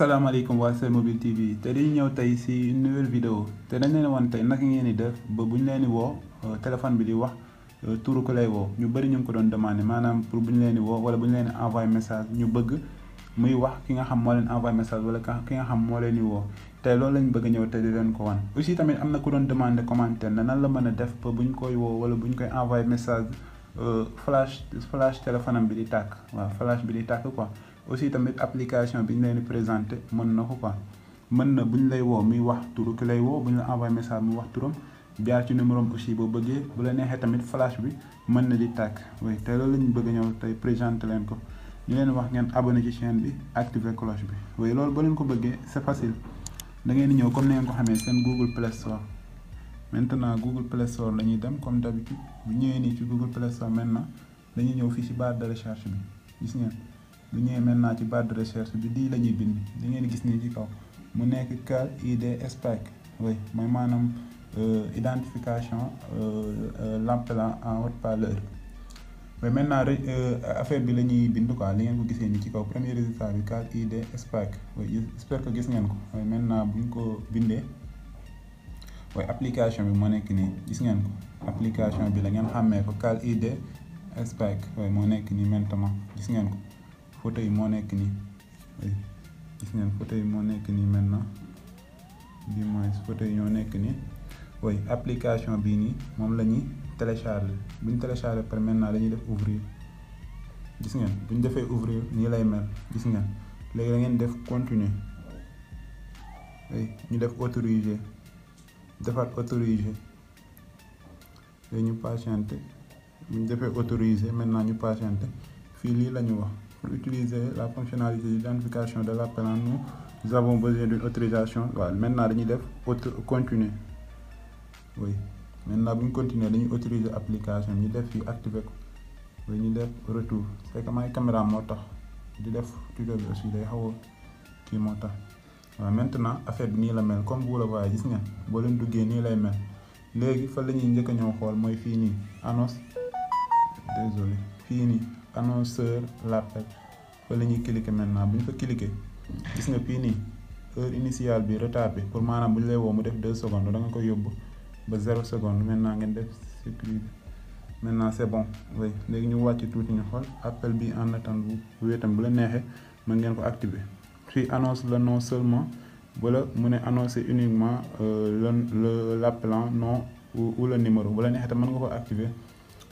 assalamu salaamaaleykum wa sa Mobile TV té eh, eh, di ñëw tay ci une nouvelle vidéo té dañ leen woon tay nak ngeen di def ba buñ leen di woo téléphone bi di wax touru ko lay wo ñu bari ñu ko doon demander manam pour buñ leen di woo wala buñ leen envoyer message ñu bëgg muy wax ki nga xam mo leen envoyer eh, message wala ki nga xam mo leen di woo te loolu lañ bëgg ñëw te di leen ko wan. aussi tamit amna ku doon demander commentaire na nan la mëna def ba buñ koy wo wala buñ koy envoyer message flash flash téléphone am bi di tak wa flash bi di tak quoi. aussi tamit application bi ñu leen di présenté mën na ko quoi mën na bu lay woo muy wax turu ki lay woo bu ñu la envoyé message muy wax turam jaar ci numéro am aussi boo bëggee bu la neexee tamit flash bi mën na di tàkk oui te loolu la ñu bëgg ñëw tey présenté leen ko ñu leen wax ngeen abonné ci chaîne bi activer cloche bi oui loolu boo leen ko bëggee c'est facile da ngeen di ñëw comme ni ngeen ko xamee seen Google Play Store maintenant Google Play Store la ñuy dem comme d'habitude bu ñëwee nii ci Google Play Store maintenant dañuy ñëw fii ci barre de recherche bi gis ngeen. bu ñëwee maintenant ci barre de recherche bi lii la ñuy bind li ngeen gis nii ci kaw mu nekk car de SPAC oui mooy maanaam euh, identification euh, euh, l'appelant en haut-parleur mais maintenant bi la bind quoi li ngeen ko gisee ci kaw premier résultat bi car id SPAC gis ngeen ko maintenant bu ñu ko bindee waaye application bi moo nekk nii gis ngeen ko application bi la ngeen xàmmee ko car id SPAC oui moo nekk nii maintenant gis ngeen ko. photo yi moo nekk oui gis ngeen photo yi moo nekk maintenant bi moins photo yi ñoo nek ni oui application bi ni moom la ñuy télécharger bu ñu télécharger par maintenant dañuy def ouvrir gis ngeen bu ñu defee ouvrir nii lay mel gis ngeen léegi da ngeen def continuer ñu def autoriser defaat autoriser léegi ñu patienter bu ñu defee autoriser maintenant ñu patienter fii lii la ñu wax. Pour utiliser la fonctionnalité d'identification de l'appel, nous, avons besoin d'une autorisation. Maintenant, nous devons continuer. Oui. Maintenant, nous nous l'application. Nous devons activer. nous devons retour. C'est comme la caméra Nous devons maintenant affaire de la comme vous la annonce désolé Fini annonceur l'appel fa la cliquer maintenant bu ñu fa cliquer gis nga fii nii heure initiale bi retapé pour maanaam buñ lay woo mu def 2 secondes da nga ko yóbbu ba 0 seconde maintenant ngeen def sécurité maintenant c'est bon oui léegi ñu wàcc tuuti ñu xool appel bi en attente bu wéy bu la neexee mën ngeen ko activer fii annonce le nom seulement wala mu ne annoncer uniquement euh, le l'appelant non ou le numéro bu la neexee tam mën nga ko activer.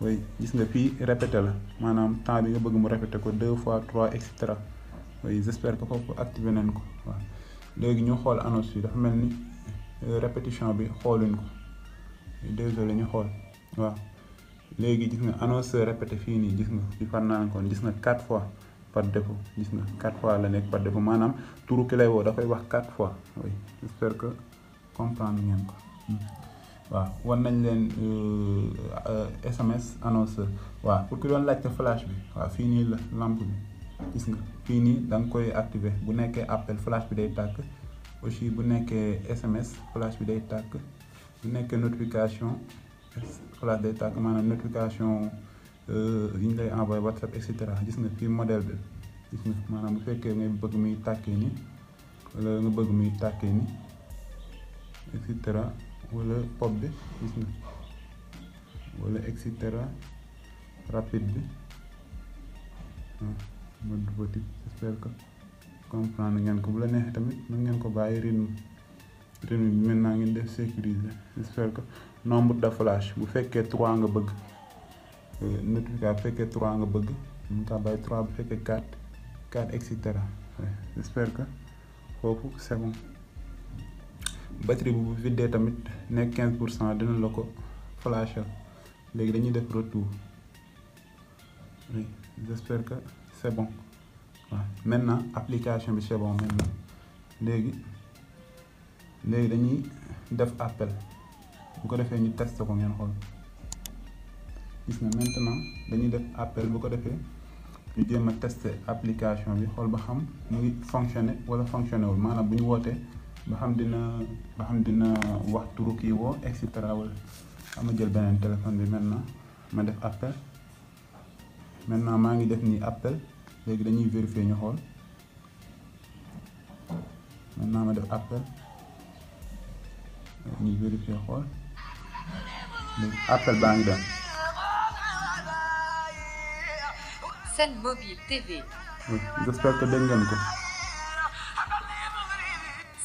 oui gis nga fii répété la maanaam temps bi nga bëgg mu répété ko deux fois trois et cetera oui j'espère que foofu activé nañ ko waaw léegi ñu xool annonce bi dafa mel ni euh, répétition bi xooluñ ko désolé ñu xool waaw léegi gis nga annonce répété fii nii gis nga fi far naa kon gis nga quatre fois par défaut gis nga quatre fois la nekk par défaut maanaam turu ki lay woo dafay wax quatre fois oui j'espère que comprendre ngeen ko. Hmm waaw wan nañ leen SMS euh, euh, annonceur waaw pour ki doon laajte flash bi waaw fii nii la lampe bi gis nga fii nii da nga koy activer bu nekkee appel flash bi day tàkk aussi bu nekkee SMS flash bi day tàkk bu nekkee notification flash day tàkk maanaam notification euh, yi ñu lay envoyé WhatsApp et cetera gis nga fii modèle bi gis nga maanaam bu fekkee ngay bëgg muy tàkkee nii wala nga bëgg muy tàkkee nii et cetera. wala pop bi gis na wala et cetera rapide bi ma duggati j'espère que comprendre ngeen ko bu la neexee tamit mën ngeen ko bàyyi rin rin bi maintenant ngeen def sécuriser j'espère que nombre de flash bu fekkee 3 nga bëgg euh, notification bu fekkee 3 nga bëgg mën ta bàyyi 3 bu fekkee 4 4 et cetera j'espère que foofu c'est bon batterie bu viddee tamit nekk 15 dina la ko flashal léegi dañuy def retour oui j'espère que c'est bon waaw maintenant application bi c'est bon maintenant légui légui dañuy def appel bu ko défé ñu test ko ngeen xol gis na maintenant dañuy def appel bu ko défé ñu jéem a tester application bi xol ba xam mu ngi fonctionner wala fonctionner wul maanaam bu ñu wootee. ba xam dina ba xam dina wax turu kii woo et cetera jël beneen téléphone bi maintenant ma def appel maintenant maa ngi def nii appel léegi dañuy vérifier ñu xool naa ma def appel ñuy vérifier xool léegi baa ngi dem. Sen Mobile TV. j'espère que dégg ngeen ko.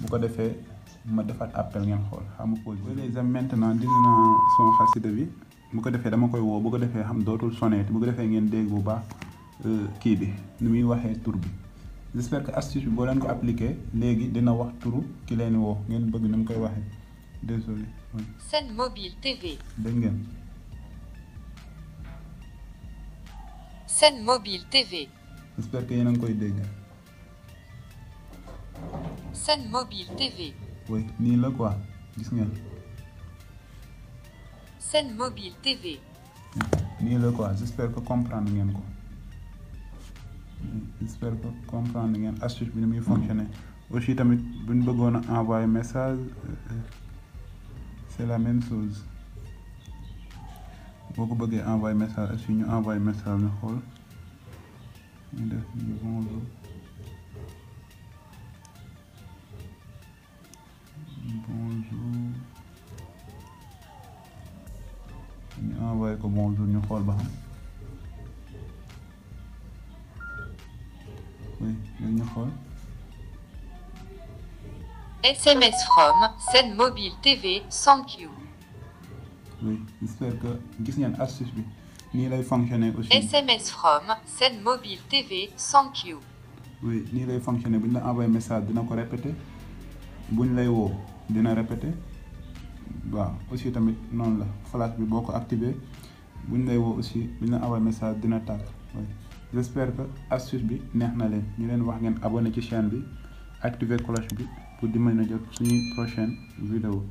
bu ko defee ma defar appel ngeen xool xam nga pause bi déjà maintenant dindi naa son bi bu ko defee dama koy woo bu ko defee xam dootul sonneeti bu ko defee ngeen dégg bu baax euh, kii bi nu muy waxee tur bi j'espère que astuce boo leen ko appliqué léegi dina wax turu ki leen woo ngeen bëgg nu mu koy waxee désolé. Sen Mobile TV. dégg ngeen. Sen Mobile TV. j'espère que yéen a ngi koy dégg. Scène mobile TV. Oui, ni le quoi dis ngeen. Scène mobile TV. ni le quoi j'espère que comprendre ngeen ko. j'espère que comprendre ngeen astuce bi ni muy fonctionner aussi tamit bu ñu envoyer message euh, euh, c'est la même chose vous pouvez bëggee envoyer message aussi ñu envoyer message ñu xool ñu ko mool ñu xool ba xam oui ñu SMS from Sen Mobile TV thank you. oui j'espère que gis ngeen astuce bi ni lay fonctionner aussi. SMS from Sen Mobile TV thank you. oui ni lay fonctionner buñ la envoyer message dina ko répéter buñ lay woo dina répéter waaw aussi tamit non la flash bi boko activer bu lay woo aussi bu ñu la message dina tàkk j' espère astuce bi neex na leen ñu leen wax ngeen abonné ci chaîne bi activer cloche bi pour di mën jot suñuy prochaine vidéo